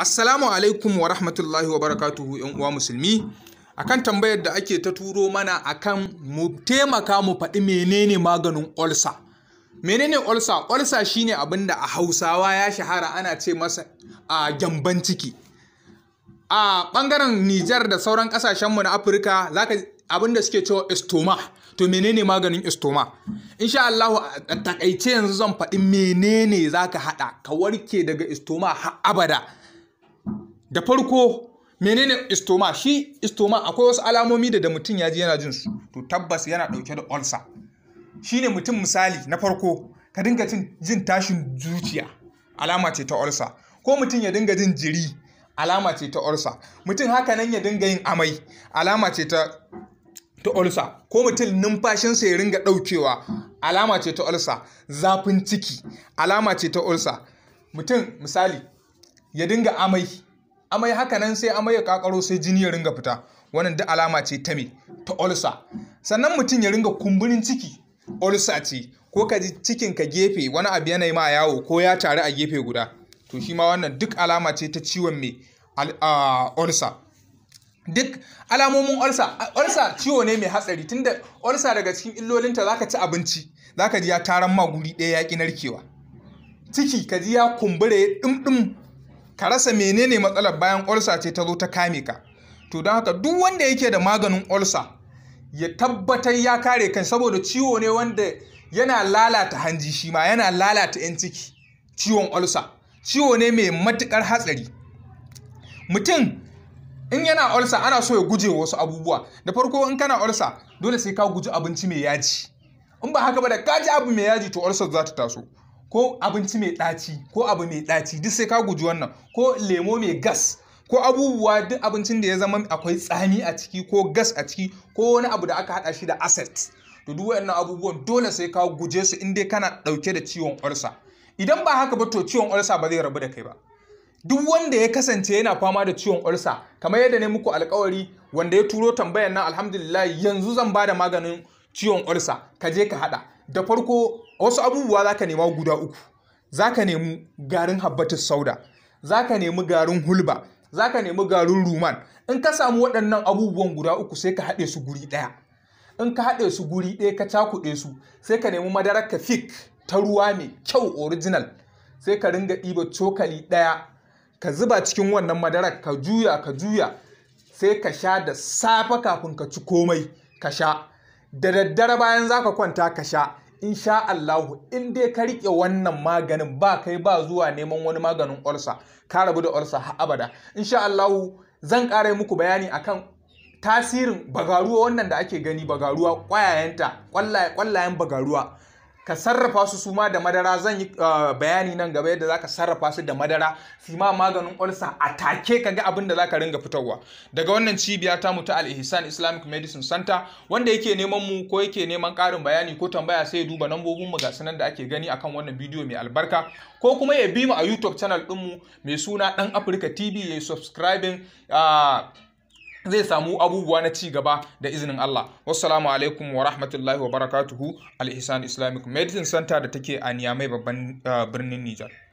Assalamu alaikum wa rahmatullahi wa barakatuhu ‘yan uwa musulmi. Akan tambayar da ake ta turo mana akan mu taimaka mu faɗi menene maganin olsa. Menene olsa? Olsa shine abin da a Hausawa ya shahara ana ce masa a gyamban ciki. A ɓangaren Nijar da sauran ƙasashenmu na Afirka zaka abin da suke cewa estoma to menene maganin estoma insha Allah a takaice yanzu zan faɗi menene zaka haɗa ka warke daga estoma har abada da farko menene istoma shi istoma akwai wasu alamomi da da mutum ya ji yana jin su to tabbas yana dauke da ulcer shine mutum misali na farko ka dinga jin tashin zuciya alama ce ta ulcer ko mutum ya dinga jin jiri alama ce ta ulcer mutum haka nan ya dinga yin amai alama ce ta ta ulcer ko mutum numfashinsa ya ringa daukewa alama ce ta ulcer zafin ciki alama ce ta ulcer mutum misali ya dinga amai amai haka nan sai amai ya kakaro sai jini ya ringa fita wannan duk alama ce ta me ta olsa sannan mutum ya ringa kumburin ciki olsa ce ko ka ji cikin ka gefe wani abu yana yi ma yawo ko ya taru a gefe guda to shi ma wannan duk alama ce ta ciwon me olsa duk alamomin olsa olsa ciwo ne mai hatsari tunda olsa daga cikin illolinta zaka ci abinci zaka ji ya taran ma guri ɗaya yaƙi narkewa ciki ka ji ya kumbure ɗumɗum ka rasa menene matsalar bayan olsa ce ta zo ta kame ka to don haka duk wanda yake da maganin olsa ya tabbatar ya kare kan saboda ciwo ne wanda yana lalata hanji shi ma yana lalata 'yan ciki ciwon olsa ciwo ne mai matukar hatsari mutum in yana olsa ana so ya guje wasu abubuwa da farko in kana olsa dole sai ka guji abinci mai yaji in ba haka ba da kaji abu mai yaji to olsa za ta taso ko abinci mai ɗaci ko abu mai ɗaci duk sai ka guji wannan ko lemo mai gas ko abubuwa duk abincin da ya zama akwai tsami a ciki ko gas a ciki ko wani abu da aka haɗa shi da asset to duk waɗannan abubuwan dole sai ka guje su in dai kana ɗauke da ciwon ulsa idan ba haka ba to ciwon ulsa ba zai rabu da kai ba duk wanda ya kasance yana fama da ciwon ulsa kamar yadda ne muku alkawari wanda ya turo tambayar nan alhamdulillah yanzu zan ba da maganin ciwon olsa ka je ka haɗa da farko wasu abubuwa zaka nema guda uku zaka nemi garin habbatus sauda zaka nemi garin hulba zaka nemi garin ruman in ka samu waɗannan abubuwan guda uku sai ka haɗe su guri ɗaya in ka haɗe su guri ɗaya ka cakuɗe su sai ka nemi madarar ka fik ta ruwa mai kyau orijinal sai ka ringa ɗiba cokali ɗaya ka zuba cikin wannan madarar ka juya ka juya sai ka sha da safe kafin ka ci komai ka sha da daddare bayan zaka kwanta ka sha insha Allahu in dai ka riƙe wannan maganin ba kai ba zuwa neman wani maganin olsa ka rabu da olsa har abada insha Allahu zan ƙara muku bayani akan tasirin bagaruwa wannan da ake gani bagaruwa ƙwayayenta ƙwallayen bagaruwa ka sarrafa su su ma da madara zan yi uh, bayani nan gaba yadda za ka sarrafa su da madara su ma maganin ulcer a take ka ga abin da zaka ringa fitowa. daga wannan cibiya ta mutu Al Ihsan Islamic Medicine Center wanda yake neman mu ko yake neman karin bayani ko tambaya sai ya duba nambobin mu ga sanan da ake gani akan wannan bidiyo mai albarka ko kuma ya bi mu a YouTube channel din mu mai suna Dan Africa TV ya subscribing uh, zai samu abubuwa na ci gaba da izinin Allah. Wassalamu alaikum wa rahmatullahi wa barakatuhu al Islamic Medicine Center da take a Niamey babban ah, birnin Nijar.